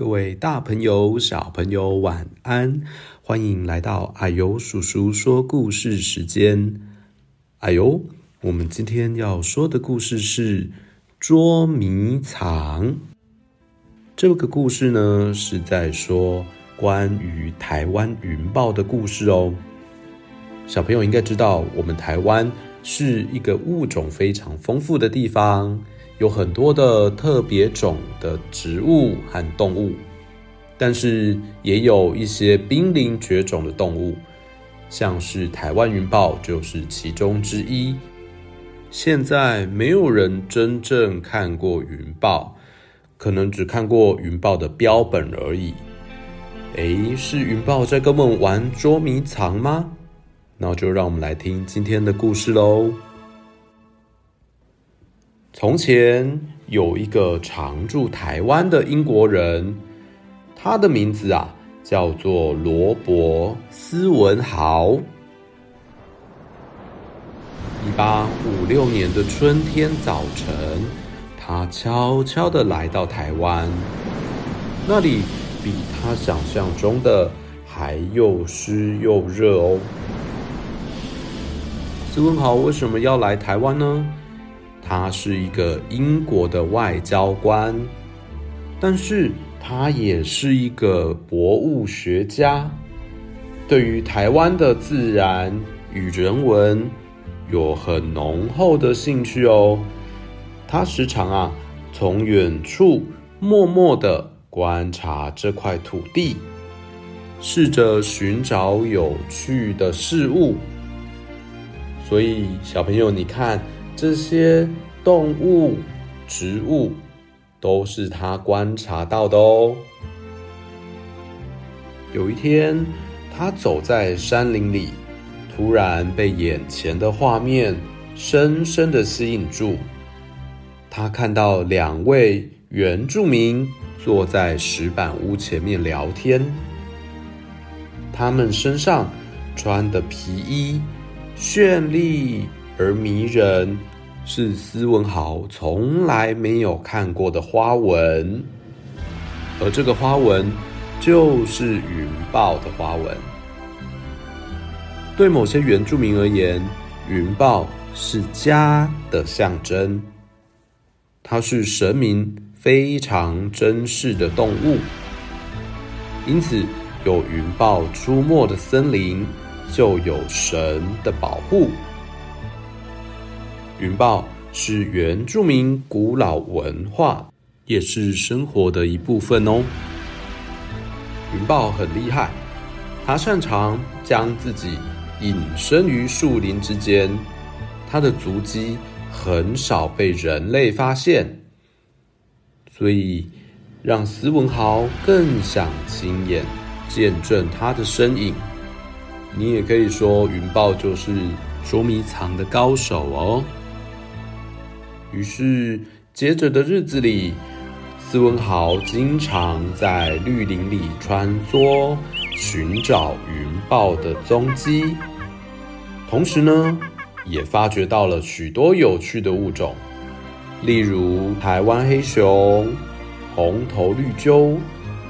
各位大朋友、小朋友，晚安！歡迎來到啊呦叔叔說故事時間。啊呦，我們今天要說的故事是捉迷藏。這個故事呢，是在說關於台灣雲豹的故事哦。小朋友應該知道，我們台灣是一個物種非常豐富的地方。有很多的特別種的植物和動物，但是也有一些瀕臨絕種的動物，像是台灣雲豹就是其中之一。現在沒有人真正看過雲豹，可能只看過雲豹的標本而已。哎、欸，是雲豹在跟我們玩捉迷藏嗎？那就讓我們來聽今天的故事嘍。從前有一個常住台灣的英國人，他的名字啊叫做羅伯斯文豪。一八五六年的春天早晨，他悄悄的來到台灣，那裡比他想象中的還又濕又熱哦。斯文豪為什麼要來台灣呢？他是一個英國的外交官，但是他也是一個博物學家，對於台灣的自然與人文有很濃厚的興趣哦。他時常啊，從遠處默默的觀察這塊土地，試着尋找有趣的事物。所以小朋友，你看。這些動物、植物都是他觀察到的哦。有一天，他走在山林裡，突然被眼前的畫面深深的吸引住。他看到兩位原住民坐在石板屋前面聊天，他們身上穿的皮衣絢麗。而迷人，是斯文豪從來沒有看過的花紋，而這個花紋就是雲豹的花紋。對某些原住民而言，雲豹是家的象徵，它是神明非常珍視的動物，因此有雲豹出沒的森林就有神的保護。雲豹是原住民古老文化，也是生活的一部分哦。雲豹很厲害，它擅長將自己隱身於樹林之間，它的足跡很少被人類發現，所以讓斯文豪更想親眼見證它的身影。你也可以說，雲豹就是捉迷藏的高手哦。於是，接着的日子裡，斯文豪經常在綠林裡穿梭，尋找雲豹的蹤跡。同時呢，也發掘到了許多有趣的物種，例如台灣黑熊、紅頭綠鳩、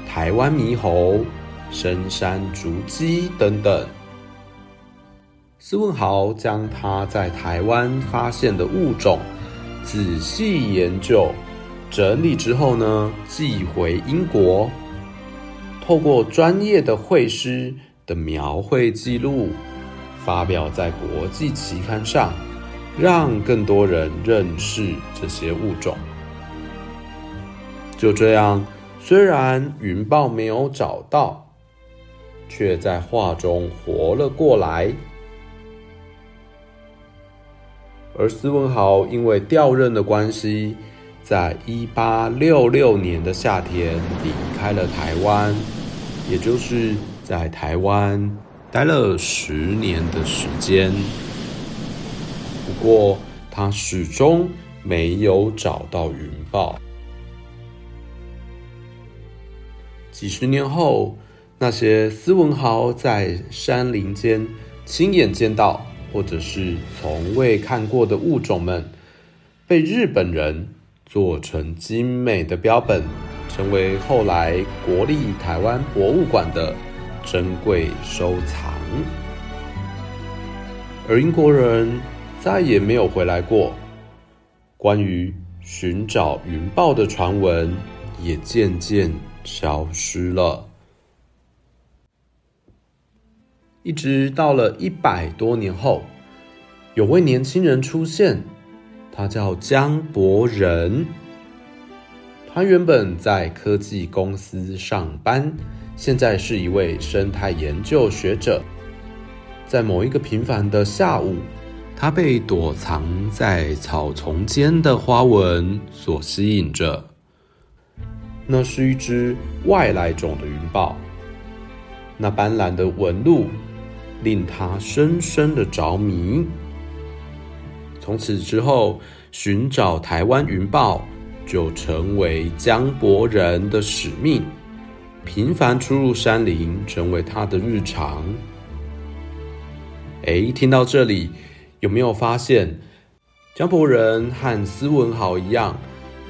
台灣獼猴、深山竹雞等等。斯文豪將他在台灣發現的物種，仔細研究、整理之後呢，寄回英國，透過專業的繪師的描繪記錄，發表在國際期刊上，讓更多人認識這些物種。就這樣，雖然雲豹沒有找到，卻在畫中活了過來。而斯文豪因為調任的關係，在一八六六年的夏天離開了台灣，也就是在台灣待了十年的時間。不過，他始終沒有找到雲豹。幾十年後，那些斯文豪在山林間親眼見到。或者是從未看過的物種們，被日本人做成精美的標本，成為後來國立臺灣博物館的珍貴收藏。而英國人再也沒有回來過，關於尋找雲豹的傳聞也漸漸消失了。一直到了一百多年後，有位年輕人出現，他叫姜博仁。他原本在科技公司上班，現在是一位生態研究學者。在某一個平凡的下午，他被躲藏在草叢間的花紋所吸引着。那是一隻外來種的雲豹，那斑斕的紋路。令他深深的着迷。從此之後，尋找台灣雲豹就成為姜博仁的使命，頻繁出入山林，成為他的日常。誒，聽到這裡，有沒有發現姜博仁和斯文豪一樣，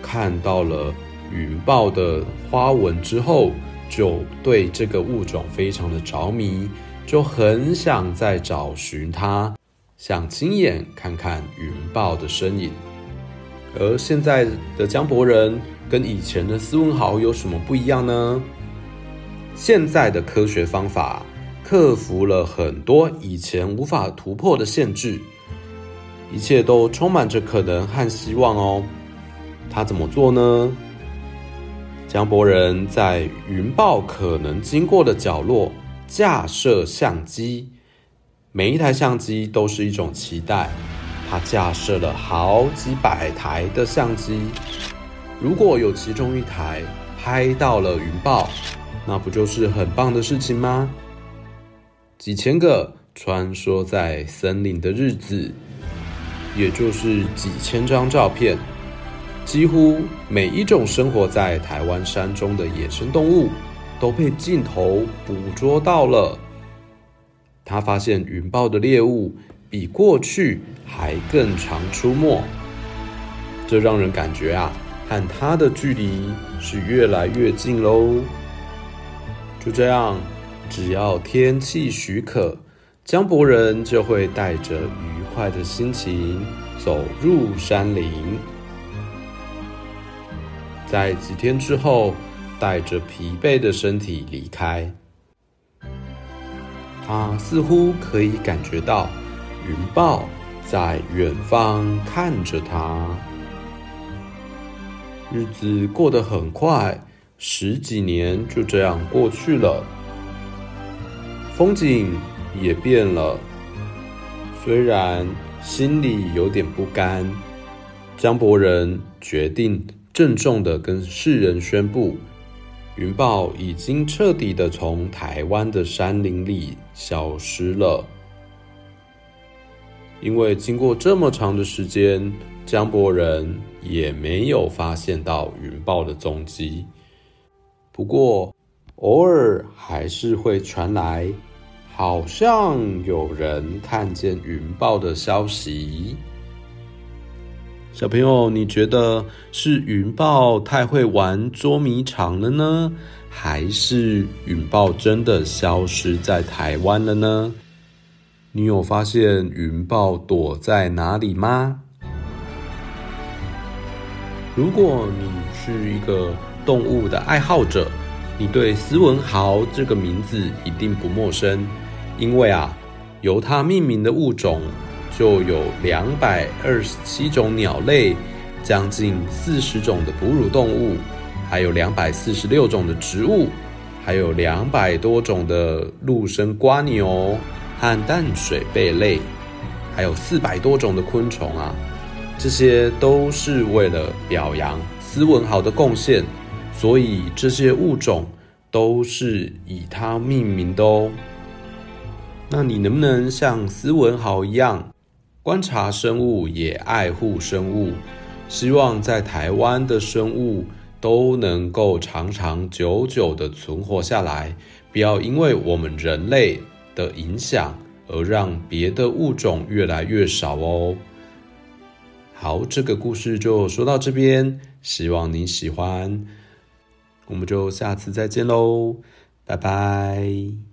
看到了雲豹的花紋之後，就對這個物種非常的着迷。就很想再找尋他，想親眼看看雲豹的身影。而現在的姜博仁跟以前的斯文豪有什麼不一樣呢？現在的科學方法克服了很多以前無法突破的限制，一切都充滿着可能和希望哦。他怎麼做呢？姜博仁在雲豹可能經過的角落。架設相機，每一台相機都是一種期待。他架設了好幾百台的相機，如果有其中一台拍到了雲豹，那不就是很棒的事情嗎？幾千個穿梭在森林的日子，也就是幾千張照片，幾乎每一種生活在台灣山中的野生動物。都被鏡頭捕捉到了。他發現雲豹的獵物比過去還更常出沒，這讓人感覺啊，和他的距離是越來越近嘍。就這樣，只要天氣許可，薑博仁就會帶着愉快的心情走入山林。在幾天之後。帶着疲憊的身體離開，他似乎可以感覺到雲豹在遠方看着他。日子過得很快，十幾年就這樣過去了，風景也變了。雖然心裡有點不甘，姜博仁決定鄭重的跟世人宣布。雲豹已經徹底的從台灣的山林裡消失了，因為經過這麼長的時間，姜博仁也沒有發現到雲豹的蹤跡。不過，偶爾還是會傳來好像有人看見雲豹的消息。小朋友，你覺得是雲豹太會玩捉迷藏了呢，還是雲豹真的消失在台灣了呢？你有發現雲豹躲在哪裡嗎？如果你是一個動物的愛好者，你對斯文豪這個名字一定不陌生，因為啊，由他命名的物種。就有兩百二十七種鳥類，將近四十種的哺乳動物，還有兩百四十六種的植物，還有兩百多種的陸生蝸牛和淡水貝類，還有四百多種的昆蟲啊！這些都是為了表揚斯文豪的貢獻，所以這些物種都是以他命名的哦。那你能不能像斯文豪一樣，觀察生物，也愛護生物，希望在台灣的生物都能夠長長久久的存活下來，不要因為我們人類的影響而讓別的物種越來越少哦。好，這個故事就說到這邊，希望你喜歡，我們就下次再見嘍，拜拜。